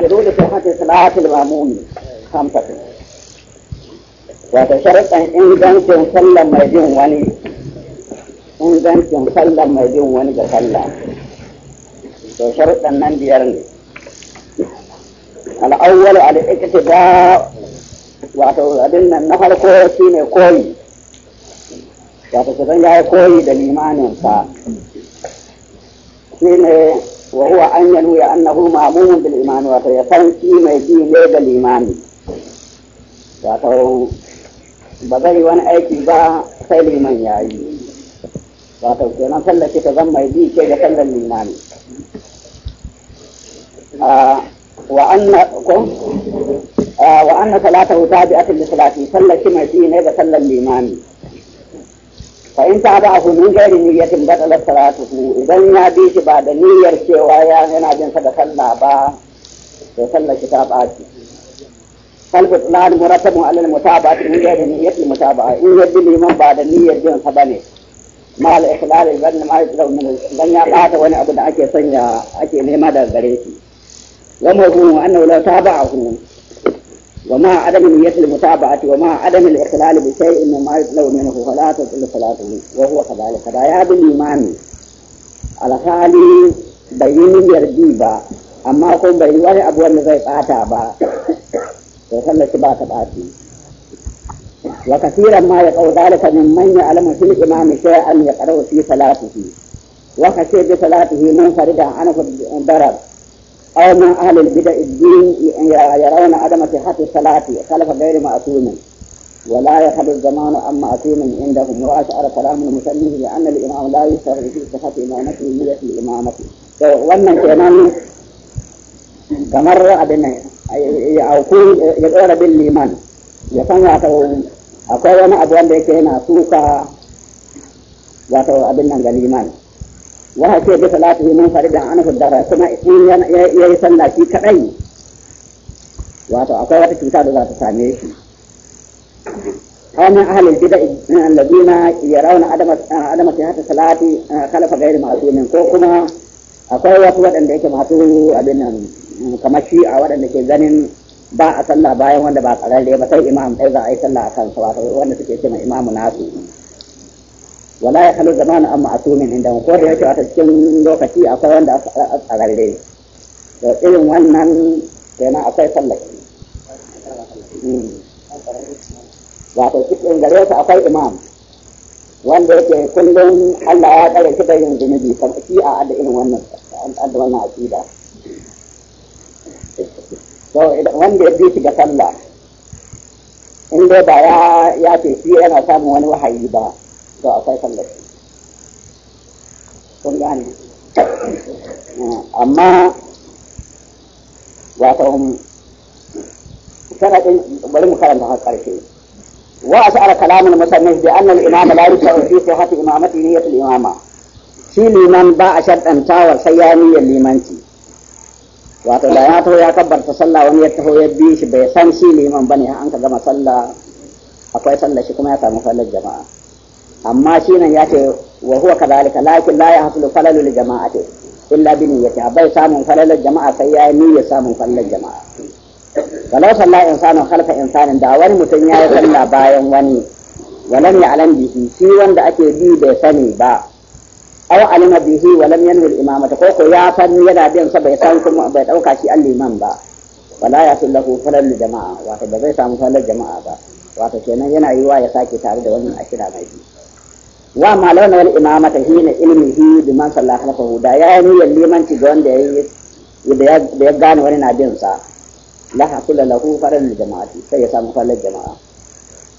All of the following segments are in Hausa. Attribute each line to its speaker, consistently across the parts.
Speaker 1: يقولون شروط صحة إصلاح المأمون خمسة وتشرط أن إن بنت يسلم ما يجون وني إن بنت يسلم ما يجون وني تسلى وشرط أن يرني الأول على الاقتداء وأتوغدن النهر كورة سينة كوي وأتوغدن يا كوي دليمان ينصار سينة وهو أن ينوي أنه مأمون بالإيمان وتيقن في ميدين ليد الإيمان فأتوه بغي وان أي كبا خير من يعي فأتوه كنا صلى كتغم ميدين كي يتل الإيمان آه، وأن صلاته آه، تابعة لصلاتي صلى كما يتين هذا صلى الإيمان fa'in ta ba a ku min gairi niyyatin ta ku. idan ya bi shi ba da niyyar cewa ya yana jin sa da sallah ba to sallah ki ta ba baci kalbu tsanani murattabun alal mutaba'ati min gairi ba mutaba'a in ya bi liman ba da niyyar jin sa bane mal ikhlal ibn ma yadrau min dan ya bata wani abu da ake sanya ake nema daga gare shi wa mahu annahu la taba'ahu وما عدم نية المتابعة وما عدم الإخلال بشيء مما يطلب منه فلا تطل صلاته وهو كذلك رايا بالإيمان على خالي بين يرجيبا أما كون بين الله أبو النبي فاتابا وصلى سباك باتي وكثيرا ما يقول ذلك من من يعلم في الإمام شيئا يقرأ في صلاته وخشي بصلاته منفردا عنه بالضرب أو من أهل البدع الدين يرون عدم صحة الصلاة خلف غير معصوم ولا يخل الزمان عن معصوم عندهم وأشعر كلام المسلمين لأن الإمام لا يشتغل في صحة إمامته نية الإمامة وأن كمان كمر أو يكون يقول بالإيمان يكون أكون أبوان بيكينا سوكا أبنا الإيمان wa ce bi salatu min faridan an huddara kuma in ya yi sallah shi kadai wato akwai wata cuta da za ta same shi قوم أهل البدع الذين adama عدم عدم salati eh, khalafa خلف غير ko kuma akwai wasu waɗanda yake masu abin nan mm, kamar a waɗanda ke ganin ba a sallah bayan wanda ba a ƙararre ba sai imam ɗaya za a yi sallah a kansa wato wanda suke cewa ma imamu nasu wala ya halu zamanu amma asumin inda ko da yake a cikin lokaci akwai wanda a tsararre da irin wannan kenan akwai sallaki hmm. wato cikin gare su akwai imam wanda yake kullum Allah ya tsare shi da yin zunubi kan shi a adda irin wannan adda wannan aqida to wanda ya bi shi ga sallah in dai ba ya ya ce shi yana samun wani wahayi ba فيصلي يعني أما وأعطاهم شرط ولم كلام تحقق شيء وأشعر كلام المصنف بأن الإمام لا يشرع في صحة إمامته نية الإمامة shi liman ba a shaɗantawar sai ya niyyar limanci wato da ya taho ya kabbarta sallah wani ya taho ya bi shi bai san shi liman bane an ka gama sallah akwai sallah shi kuma ya samu fallar jama'a amma shi nan ya ce wa huwa kadhalika lakin la yahsulu falalu jama'a jama'ati illa bi niyyati bai samun falalul jama'a sai ya niyyar samun falalul jama'a walau salla insanu khalqa insanin da wani mutum ya yi sallah bayan wani walam ya alam bihi shi wanda ake bi bai sani ba aw alima bihi walam yanwi al imamata ko ko ya san yana bin sa bai san kuma bai dauka shi al imam ba wala ya sallahu falalul jama'a wato ba zai samu falalul jama'a ba wato kenan yana yiwa ya sake tare da wannan ashira mai biyu wa ma wal imamata hina ilmihi bi man salla khalfahu da ya yi niyyar limanci ga wanda yayi da ya gane wani na bin sa la hakula lahu faran jama'ati sai ya samu fallar jama'a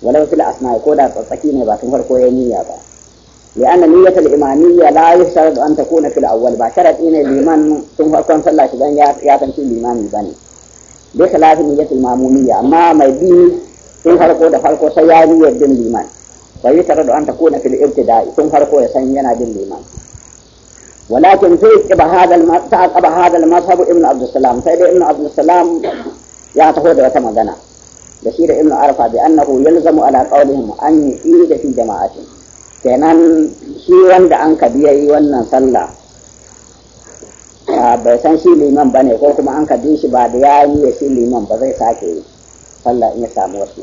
Speaker 1: walau fil asma ko da tsatsaki ne ba tun farko ya niyya ba لأن نية الإمامية لا يشترط أن تكون في الأول باشرة إن الإمام ثم أكون صلى شبان ياتن في الإمام بني بخلاف نية المامومية ما ما يبيه ثم فرقه دفرقه niyyar يبدن الإمام fa yi tare da an ta kuna fil ibtida'i tun farko ya san yana bin liman walakin fi qiba hada ma ta qaba hada ma mazhab ibn abd salam sai da ibn abd salam ya taho da wata magana da shi da ibn arfa bi annahu yalzamu ala qawlihim an yu'ida fi jama'atin kenan shi wanda an yi wannan sallah ah, bai san shi liman ba ne ko kuma an ka bi shi ba da ya yi shi liman ba zai sake sallah in ya samu wasu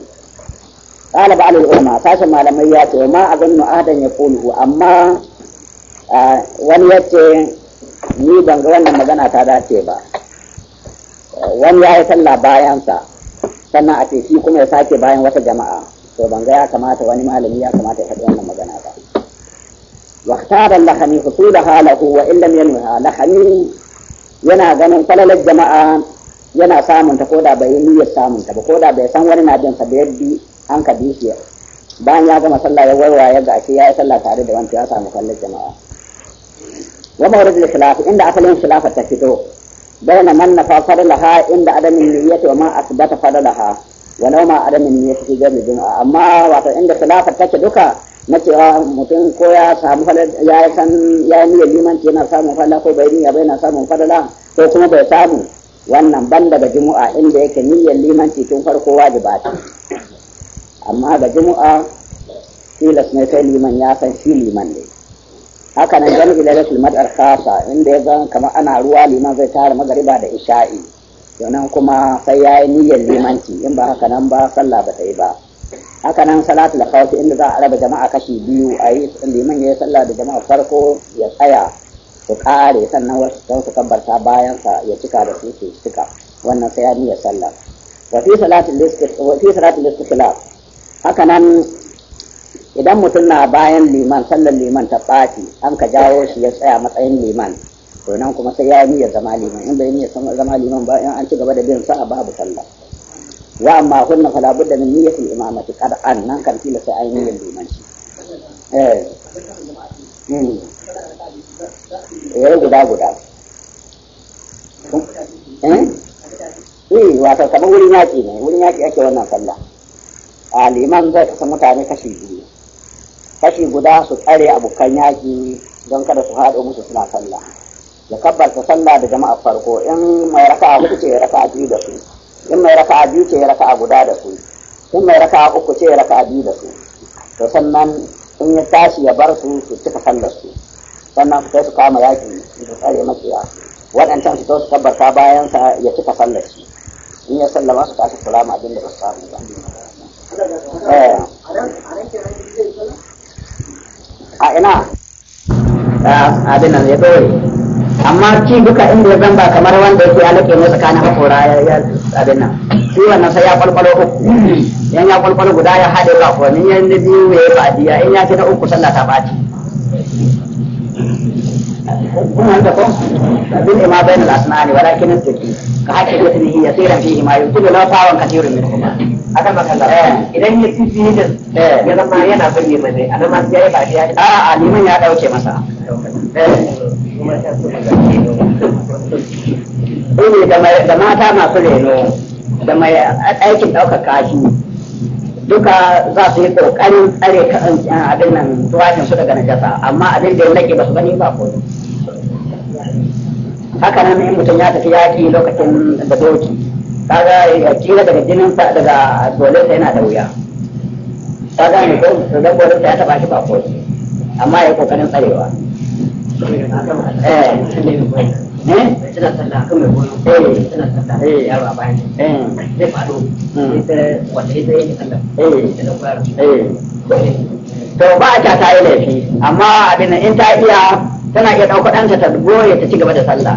Speaker 1: قال بعض العلماء فاش ما لم ياتي وما اظن احدا يقوله Amma wani ya ni banga wannan magana ta dace ba wani ya yi sallah bayansa sannan a ce shi kuma ya sake bayan wata jama'a to banga ga ya kamata wani malami ya kamata ya faɗi wannan magana ba واختار اللخمي حصولها له وإن لم ينوها لخمي yana ganin falalar jama'a yana samunta ta koda bai niyyar samunta ta ba koda bai san wani na jin sa yaddi an ka bishiya bayan ya gama sallah ya warwa ya ga ashe ya yi sallah tare da wancan ya samu kallon jama'a wa mawrid khilaf inda asalin khilafa ta fito bayna man nafa fadlaha inda adamin niyyati wa ma asbata fadlaha wa ma adamin niyyati fi gami jama'a amma wato inda khilafa take duka na cewa mutum ko ya samu ya san ya yi niyyar limanci yana samun fadla ko bai niyya ba na samun fadla ko kuma bai samu wannan ban daga jumu'a inda yake niyyar limanci tun farko wajiba ce amma ga juma'a tilas ne sai liman ya san shi liman ne haka nan jami'i da madar khasa inda ya zan kamar ana ruwa liman zai tara magariba da isha'i donan kuma sai ya yi niyyar limanci in ba haka nan ba sallah ba ta yi ba haka nan salatul khawfi inda za a raba jama'a kashi biyu a yi liman ya yi sallah da jama'a farko ya tsaya su kare sannan wasu sau su kabbarta bayan sa ya cika da su su cika wannan sai ya niyyar sallah wa fi salatul haka nan idan mutum na bayan liman sallar liman ta ɓaci an ka jawo shi ya tsaya matsayin liman to nan kuma sai ya yi niyyar zama liman in bai niyyar zama liman ba in an ci gaba da bin sa babu sallah wa amma kunna fala budda min niyyatil imamati qad an nan kan kila sai ayi niyyar shi eh hmm. eh guda guda eh eh wato kamar wurin yaki ne wurin yaki ake wannan sallah aliman zai kasa mutane kashi biyu kashi guda su tsare abokan yaƙi don kada su haɗo musu suna sallah ya kabbarta sallah da jama'a farko in mai raka'a hudu ce ya raka'a biyu da su in mai raka'a biyu ce ya raka'a guda da su in mai raka'a uku ce ya raka'a biyu da su to sannan in ya tashi ya bar su su cika sallar su sannan su kai su kama yaƙi su tsare makiya waɗancan su su kabbarta bayan sa ya cika sallar shi in ya sallama su tashi kula ma abin da ba su samu ba Eh. a ina abin nan ya dore amma ci duka inda ya zamba kamar wanda yake ya laƙe masa kanin hakora ya abin nan shi wannan sai ya kwalkwalo uku yan ya kwalkwalo guda ya haɗe ba ko ni yan biyu ya yi ba'diya in ya ce na uku sallah ta ɓaci كنا عندكم البدء ما بين الأسنان ولكن الذكي كحكي مثله يسير فيه ما يبطل له akan idan ya ci da eh, ya zama yana bayyana mai a masu ba a a liman ya dauke masa eh. da mata masu reno da mai aikin daukar kashi duka za su yi kokarin tsare abin nan tuwafin su daga najasa amma abin da ya nake ba su gani ba ko haka nan in mutum ya tafi yaƙi lokacin da doki kaga ya eh, kila daga jinin sa daga sai yana da wuya kaga gane ko da dan dolensa ya taba shi ba ko amma ya kokarin tsarewa eh eh kan mai eh eh ya ba eh faɗo eh eh to ba a ta ta yi laifi amma abin in ta iya tana iya ɗauka ɗanta ta goye ta ci gaba da sallah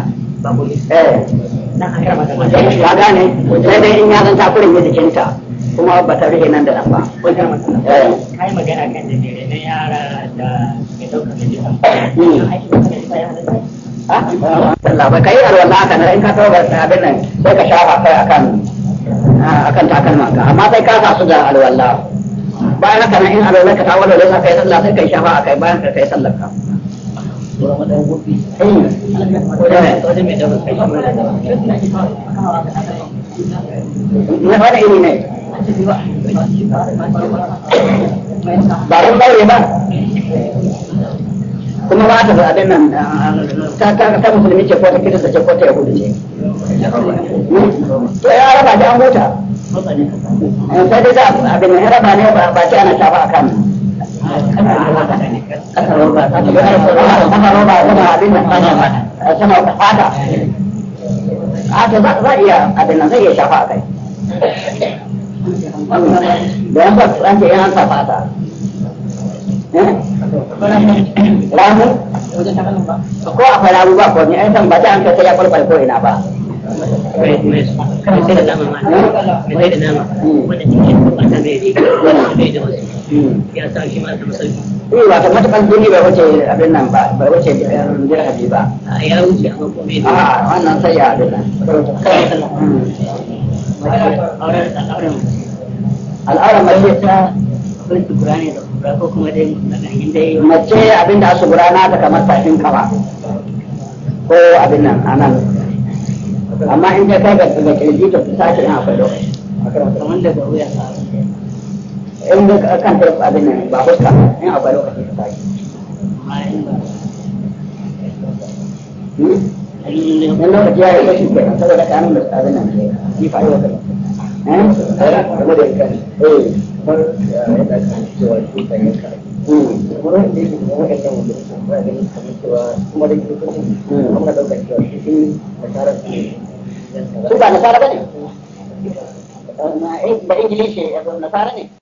Speaker 1: eh gane sai dai in ya zan ta kurin yi jikinta kuma ba ta rike nan da nan ba kai eh. magana kan da jere na yara da ke ɗaukar da hmm. sallah ba kai alwala haka na in ka taɓa abin nan sai ka shafa kai akan akan takalma ka amma sai ka sa su da alwala bayan haka nan in alwala ka ta wala da sai kai sallah sai kai shafa akai bayan ka kai sallar ka sauran ne ba ran ba kuma ba ta abin nan ta ta musulmi ce ko ta kirista ce ko ta ce to ya raba da an sai dai za a abin ya raba ne ba ce ana a kan
Speaker 2: sama ada
Speaker 1: ada za iya abin nan zai iya shafa a kai da yan ba su an ce yana shafa ta ramu ko a fara ba ko ni ai san ba ta an kai ya kwalkwal ko ina ba mai sai da nama ma mai nama ya sa shi ma eh, matakan duni bai wuce abin nan ba bai wuce dirhami ba a ya wuce amma komai ne a wannan sai ya abin nan hmm. al'auran mace ta abin sugura ne da ko kuma dai maganin yi. mace abin da na ta kamar tafin kawa ko abin nan anan amma in ta kai ga kirji ta fusa ta yin akwai lokaci kamar wuya in da kan tarif abin nan ba fuska in akwai lokaci ka tashi in lokaci ya yi kashi kenan saboda ka nuna abin nan shi fa yau kai game da kan eh kamar ya da kan cewa shi kan yi kai wurin da da da da da nasara ba ne ba ingilishi nasara ne